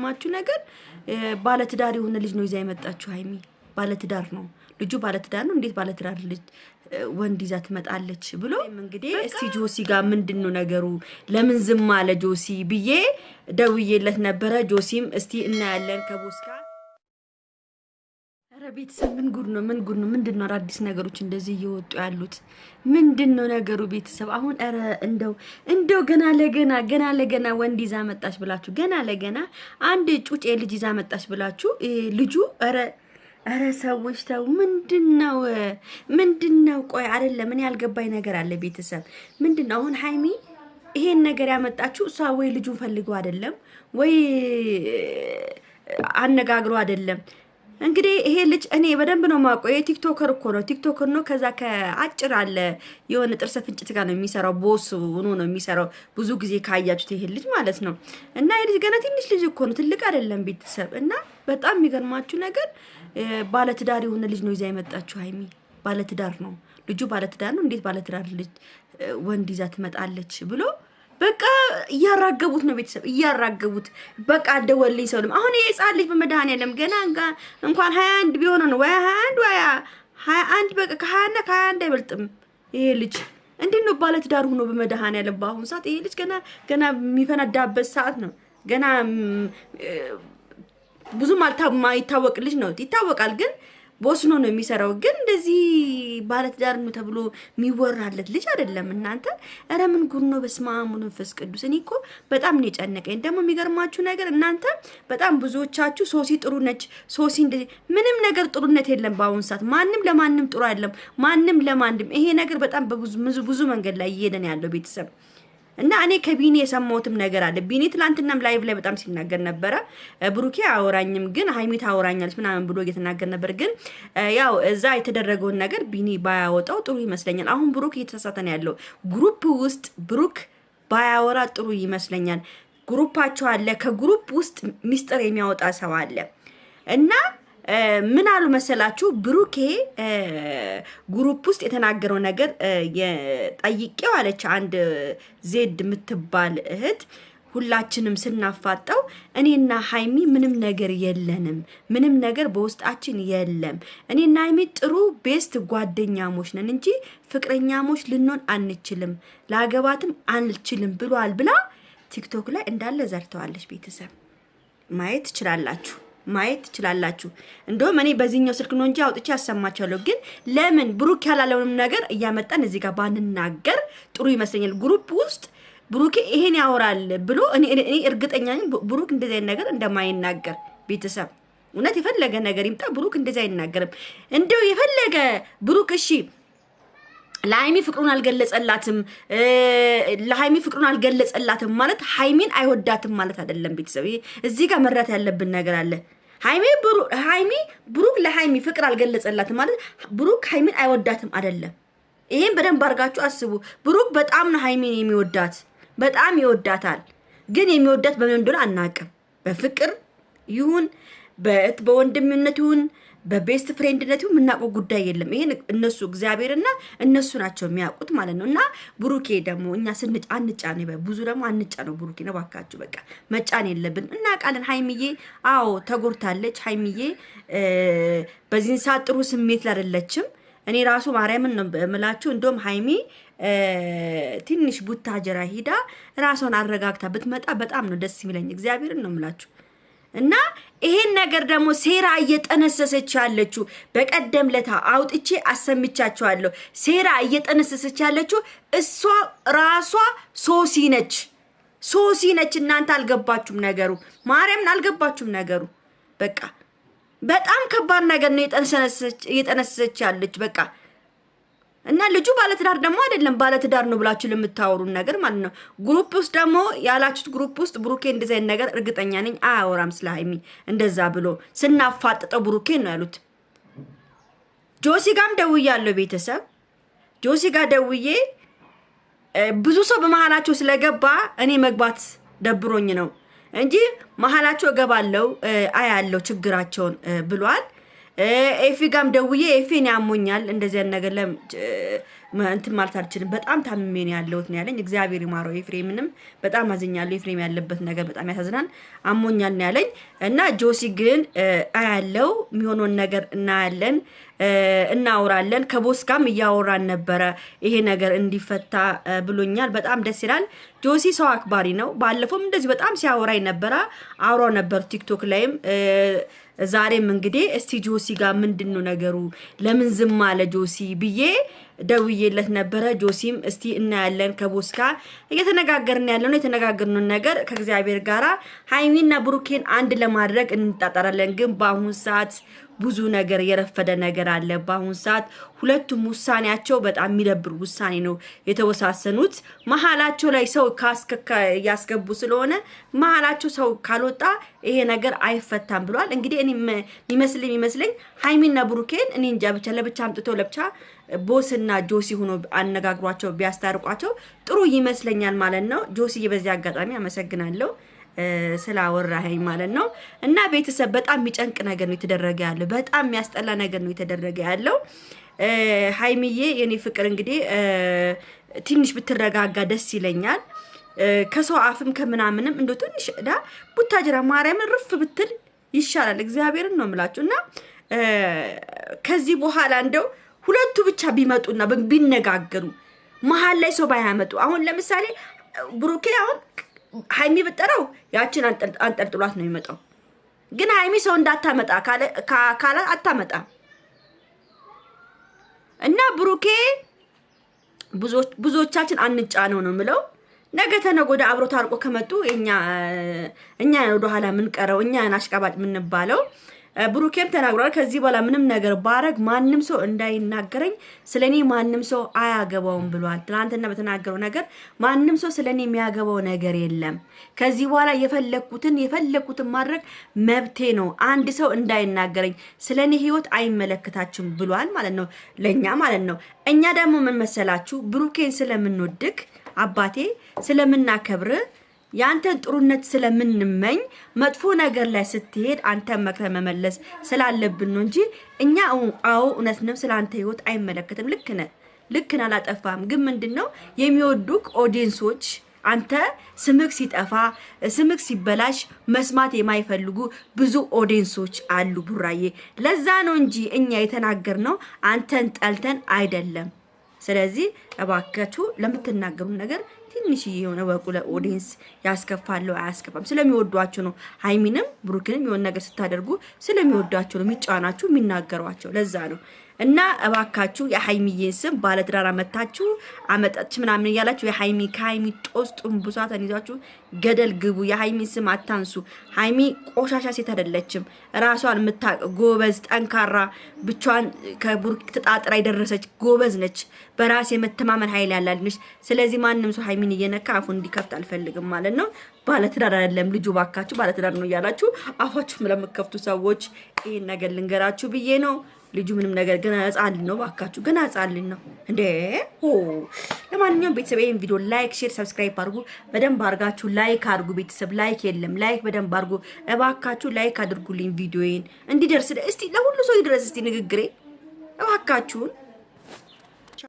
የሚገርማችሁ ነገር ባለትዳር የሆነ ልጅ ነው ይዛ የመጣችሁ ሀይሚ። ባለትዳር ነው ልጁ፣ ባለትዳር ነው። እንዴት ባለትዳር ልጅ ወንድ ይዛ ትመጣለች ብሎ እንግዲህ እስቲ ጆሲ ጋር ምንድን ነው ነገሩ፣ ለምን ዝም አለ ጆሲ ብዬ ደውዬለት ነበረ። ጆሲም እስቲ እናያለን ጋር ኧረ ቤተሰብ ምን ጉድ ነው? ምን ጉድ ነው? ምንድን ነው አዳዲስ ነገሮች እንደዚህ እየወጡ ያሉት? ምንድን ነው ነገሩ? ቤተሰብ አሁን ረ እንደው እንደው ገና ለገና ገና ለገና ወንድ ይዛ መጣች ብላችሁ ገና ለገና አንድ ጩጬ ልጅ ይዛ መጣች ብላችሁ ልጁ ረ ረ ሰዎች ተው፣ ምንድን ነው ምንድን ነው? ቆይ አይደለም ምን ያልገባኝ ነገር አለ ቤተሰብ። ምንድን ነው አሁን ሀይሚ ይሄን ነገር ያመጣችሁ እሷ ወይ ልጁን ፈልገው አይደለም ወይ አነጋግሮ አይደለም እንግዲህ ይሄ ልጅ እኔ በደንብ ነው የማውቀው። የቲክቶከር እኮ ነው፣ ቲክቶከር ነው። ከዛ ከአጭር አለ የሆነ ጥርሰ ፍንጭት ጋር ነው የሚሰራው፣ ቦስ ሆኖ ነው የሚሰራው። ብዙ ጊዜ ካያችሁት ይሄ ልጅ ማለት ነው። እና ይሄ ልጅ ገና ትንሽ ልጅ እኮ ነው፣ ትልቅ አይደለም ቤተሰብ። እና በጣም የሚገርማችሁ ነገር ባለትዳር የሆነ ልጅ ነው ይዛ የመጣችሁ ሀይሚ። ባለትዳር ነው ልጁ፣ ባለትዳር ነው። እንዴት ባለትዳር ልጅ ወንድ ይዛ ትመጣለች ብሎ በቃ እያራገቡት ነው ቤተሰብ እያራገቡት። በቃ ደወልኝ ሰው አሁን ይሄ ህጻን ልጅ በመድኃኒዓለም ገና እንኳን ሀያ አንድ ቢሆነ ነው ወይ ሀያ አንድ ወይ ሀያ አንድ በቃ ከሀያና ከሀያ አንድ አይበልጥም ይሄ ልጅ እንዴት ነው ባለትዳር ሆኖ በመድኃኒዓለም በአሁኑ ሰዓት ይሄ ልጅ ገና ገና የሚፈነዳበት ሰዓት ነው። ገና ብዙም አይታወቅ ልጅ ነው። ይታወቃል ግን ቦስኖ ነው የሚሰራው። ግን እንደዚህ ባለትዳር ነው ተብሎ የሚወራለት ልጅ አይደለም። እናንተ ረምን ምን ጉድ ነው! በስመ አብ ቅዱስ። እኔ እኮ በጣም ነው የጨነቀኝ። ደግሞ የሚገርማችሁ ነገር እናንተ በጣም ብዙዎቻችሁ ሶሲ ጥሩ ነች፣ ሶሲ እንደዚህ ምንም ነገር ጥሩነት የለም። በአሁኑ ሰዓት ማንም ለማንም ጥሩ አይደለም፣ ማንም ለማንም ይሄ ነገር በጣም በብዙ ብዙ መንገድ ላይ እየሄደን ያለው ቤተሰብ እና እኔ ከቢኒ የሰማሁትም ነገር አለ። ቢኒ ትላንትናም ላይቭ ላይ በጣም ሲናገር ነበረ። ብሩኬ አወራኝም ግን ሀይሚ አወራኛለች ምናምን ብሎ እየተናገር ነበር። ግን ያው እዛ የተደረገውን ነገር ቢኒ ባያወጣው ጥሩ ይመስለኛል። አሁን ብሩክ እየተሳሳተ ነው ያለው። ግሩፕ ውስጥ ብሩክ ባያወራ ጥሩ ይመስለኛል። ግሩፓቸው አለ። ከግሩፕ ውስጥ ሚስጥር የሚያወጣ ሰው አለ እና ምን አሉ መሰላችሁ? ብሩኬ ግሩፕ ውስጥ የተናገረው ነገር ጠይቄው አለች አንድ ዜድ የምትባል እህት ሁላችንም ስናፋጠው እኔና ሀይሚ ምንም ነገር የለንም፣ ምንም ነገር በውስጣችን የለም። እኔና ሀይሚ ጥሩ ቤስት ጓደኛሞች ነን እንጂ ፍቅረኛሞች ልንሆን አንችልም፣ ለአገባትም አንችልም ብሏል ብላ ቲክቶክ ላይ እንዳለ ዘርተዋለች። ቤተሰብ ማየት ትችላላችሁ። ማየት ትችላላችሁ። እንደውም እኔ በዚህኛው ስልክ ነው እንጂ አውጥቼ ያሰማችኋለሁ። ግን ለምን ብሩክ ያላለውንም ነገር እያመጣን እዚህ ጋር ባንናገር ጥሩ ይመስለኛል። ግሩፕ ውስጥ ብሩክ ይሄን ያወራል ብሎ እኔ እርግጠኛ ነኝ ብሩክ እንደዚህ አይነት ነገር እንደማይናገር ቤተሰብ እውነት የፈለገ ነገር ይምጣ ብሩክ እንደዚህ አይናገርም። እንደው የፈለገ ብሩክ እሺ ለሀይሚ ፍቅሩን አልገለጸላትም፣ ለሀይሚ ፍቅሩን አልገለጸላትም ማለት ሀይሚን አይወዳትም ማለት አይደለም። ቤተሰብ እዚህ ጋር መረት ያለብን ነገር አለ። ሀይሚ ብሩክ ለሀይሚ ፍቅር አልገለጸላትም ማለት ብሩክ ሀይሚን አይወዳትም አይደለም። ይሄን በደንብ አድርጋችሁ አስቡ። ብሩክ በጣም ነው ሀይሚን የሚወዳት፣ በጣም ይወዳታል። ግን የሚወዳት በምን እንደሆነ አናውቅም። በፍቅር ይሁን በወንድምነት ይሁን በቤስት ፍሬንድነት የምናውቀው ጉዳይ የለም። ይሄን እነሱ እግዚአብሔርና እነሱ ናቸው የሚያውቁት ማለት ነው። እና ብሩኬ ደግሞ እኛ ስንጭ አንጫ ነው ብዙ ደግሞ አንጫ ነው ብሩኬ ነው። እባካችሁ በቃ መጫን የለብን እና ቃልን ሀይምዬ፣ አዎ ተጎድታለች ሀይምዬ። በዚህን ሰዓት ጥሩ ስሜት ላደለችም። እኔ ራሱ ማርያምን ነው የምላችሁ። እንደውም ሀይሚ ትንሽ ቡታጀራ ሂዳ ራሷን አረጋግታ ብትመጣ በጣም ነው ደስ የሚለኝ። እግዚአብሔርን ነው የምላችሁ። እና ይሄን ነገር ደግሞ ሴራ እየጠነሰሰች ያለችው በቀደም ለታ አውጥቼ አሰምቻቸዋለሁ። ሴራ እየጠነሰሰች ያለችው እሷ ራሷ ሶሲ ነች፣ ሶሲ ነች። እናንተ አልገባችሁም ነገሩ፣ ማርያምን አልገባችሁም ነገሩ። በቃ በጣም ከባድ ነገር ነው እየጠነሰሰች ያለች በቃ እና ልጁ ባለትዳር ደግሞ አይደለም። ባለትዳር ነው ብላችሁ ለምታወሩን ነገር ማለት ነው። ግሩፕ ውስጥ ደግሞ ያላችሁት ግሩፕ ውስጥ ብሩኬ እንደዚህ አይነት ነገር እርግጠኛ ነኝ አያወራም ስለ ሀይሚ እንደዛ ብሎ ስናፋጥጠው ብሩኬ ነው ያሉት። ጆሲ ጋም ደውያለሁ ቤተሰብ ጆሲ ጋር ደውዬ ብዙ ሰው በመሀላቸው ስለገባ እኔ መግባት ደብሮኝ ነው እንጂ መሀላቸው እገባለሁ አያለው ችግራቸውን ብሏል። ኤፊ ጋም ደውዬ ኤፊ ያሞኛል እንደዚህ እንደዚያን ነገር እንትን ማለት አልችልም፣ በጣም ታምሜ ነው ያለሁት ነው ያለኝ። እግዚአብሔር ይማረው ኤፍሬምንም በጣም አዝኛለሁ። ኤፍሬም ያለበት ነገር በጣም ያሳዝናል። አሞኛል ነው ያለኝ እና ጆሲ ግን አያለው የሚሆነውን ነገር እናያለን፣ እናውራለን። ከቦስ ጋም እያወራን ነበረ ይሄ ነገር እንዲፈታ ብሎኛል። በጣም ደስ ይላል። ጆሲ ሰው አክባሪ ነው። ባለፈውም እንደዚህ በጣም ሲያወራኝ ነበረ፣ አውሯ ነበር ቲክቶክ ላይም ዛሬም እንግዲህ እስቲ ጆሲ ጋር ምንድን ነው ነገሩ፣ ለምን ዝም አለ ጆሲ ብዬ ደውዬለት ነበረ። ጆሲም እስቲ እናያለን ከቦስ ጋር እየተነጋገርን ያለነው የተነጋገርነው ነገር ከእግዚአብሔር ጋራ ሀይሚና ብሩኬን አንድ ለማድረግ እንጣጠራለን። ግን በአሁን ሰዓት ብዙ ነገር የረፈደ ነገር አለ። በአሁን ሰዓት ሁለቱም ውሳኔያቸው በጣም የሚደብር ውሳኔ ነው የተወሳሰኑት። መሀላቸው ላይ ሰው እያስገቡ ስለሆነ መሀላቸው ሰው ካልወጣ ይሄ ነገር አይፈታም ብሏል። እንግዲህ እኔ የሚመስለኝ የሚመስለኝ ሀይሚና ብሩኬን እኔ እንጃ ብቻ ለብቻ አምጥቶ ለብቻ ቦስና ጆሲ ሆኖ አነጋግሯቸው ቢያስታርቋቸው ጥሩ ይመስለኛል ማለት ነው። ጆሲ በዚህ አጋጣሚ አመሰግናለሁ ስላወራኸኝ ማለት ነው። እና ቤተሰብ በጣም የሚጨንቅ ነገር ነው የተደረገ ያለው። በጣም የሚያስጠላ ነገር ነው የተደረገ ያለው። ሀይሚዬ የኔ ፍቅር እንግዲህ ትንሽ ብትረጋጋ ደስ ይለኛል። ከሰው አፍም ከምናምንም እንደ ትንሽ ዳ ቡታጅራ ማርያምን ርፍ ብትል ይሻላል። እግዚአብሔርን ነው የምላችሁ እና ከዚህ በኋላ እንደው ሁለቱ ብቻ ቢመጡና ቢነጋገሩ መሀል ላይ ሰው ባያመጡ። አሁን ለምሳሌ ብሩኬ አሁን ሀይሚ ብጠራው ያችን አንጠልጥሏት ነው የሚመጣው። ግን ሀይሚ ሰው እንዳታመጣ ካላት አታመጣ እና ብሩኬ ብዙዎቻችን አንጫነው ነው የምለው። ነገ ተነገ ወዲያ አብሮ ታርቆ ከመጡ እኛ እኛ ወደኋላ የምንቀረው እኛ አሽቃባጭ የምንባለው ብሩኬም ተናግሯል። ከዚህ በኋላ ምንም ነገር ባረግ ማንም ሰው እንዳይናገረኝ ስለ እኔ ማንም ሰው አያገባውም ብሏል። ትናንትና በተናገረው ነገር ማንም ሰው ስለ እኔ የሚያገባው ነገር የለም። ከዚህ በኋላ የፈለግኩትን የፈለግኩትን ማድረግ መብቴ ነው። አንድ ሰው እንዳይናገረኝ ስለ እኔ ሕይወት አይመለከታችም ብሏል ማለት ነው፣ ለእኛ ማለት ነው። እኛ ደግሞ ምን መሰላችሁ ብሩኬን ስለምንወድግ አባቴ ስለምናከብር ያንተን ጥሩነት ስለምንመኝ መጥፎ ነገር ላይ ስትሄድ አንተን መክረ መመለስ ስላለብን ነው እንጂ እኛ አዎ እውነትንም ስለ አንተ ህይወት አይመለከትም። ልክ ነህ፣ ልክ ነህ፣ አላጠፋህም። ግን ምንድን ነው የሚወዱክ ኦዲየንሶች አንተ ስምክ ሲጠፋ ስምክ ሲበላሽ መስማት የማይፈልጉ ብዙ ኦዲየንሶች አሉ ቡራዬ። ለዛ ነው እንጂ እኛ የተናገርነው አንተን ጠልተን አይደለም። ስለዚህ እባካችሁ ለምትናገሩን ነገር ትንሽዬ የሆነ ወቁ ለኦዲየንስ ያስከፋለው አያስከፋም። ስለሚወዷቸው ነው። ሀይሚንም ብሩክንም የሆነ ነገር ስታደርጉ ስለሚወዷቸው ነው የሚጫናችሁ የሚናገሯቸው። ለዛ ነው እና እባካችሁ የሀይሚዬን ስም ባለትዳር አመታችሁ አመጣች ምናምን እያላችሁ የሀይሚ ከሀይሚ ጦስ ጡንቡሳትን ይዛችሁ ገደል ግቡ። የሀይሚ ስም አታንሱ። ሀይሚ ቆሻሻ ሴት አይደለችም። ራሷን ምታቅ ጎበዝ፣ ጠንካራ፣ ብቻዋን ከቡርክ ተጣጥራ የደረሰች ጎበዝ ነች። በራስ የመተማመን ሀይል ያላት ነች። ስለዚህ ማንም ሰው ሀይሚን እየነካ አፉ እንዲከፍት አልፈልግም ማለት ነው። ባለትዳር አይደለም ልጁ፣ ባካችሁ ባለትዳር ነው እያላችሁ አፋችሁ ለምከፍቱ ሰዎች ይህን ነገር ልንገራችሁ ብዬ ነው። ልጁ ምንም ነገር ገና ህጻን ነው። ባካችሁ ገና ህጻን ነው እንዴ! ሆ ለማንኛውም ቤተሰብ ይሄን ቪዲዮ ላይክ፣ ሼር፣ ሰብስክራይብ አድርጉ። በደንብ አድርጋችሁ ላይክ አድርጉ። ቤተሰብ ላይክ የለም ላይክ በደንብ አድርጉ እባካችሁ። ላይክ አድርጉልኝ ቪዲዮዬን እንዲደርስ። እስቲ ለሁሉ ሰው ይድረስ እስቲ ንግግሬ እባካችሁን።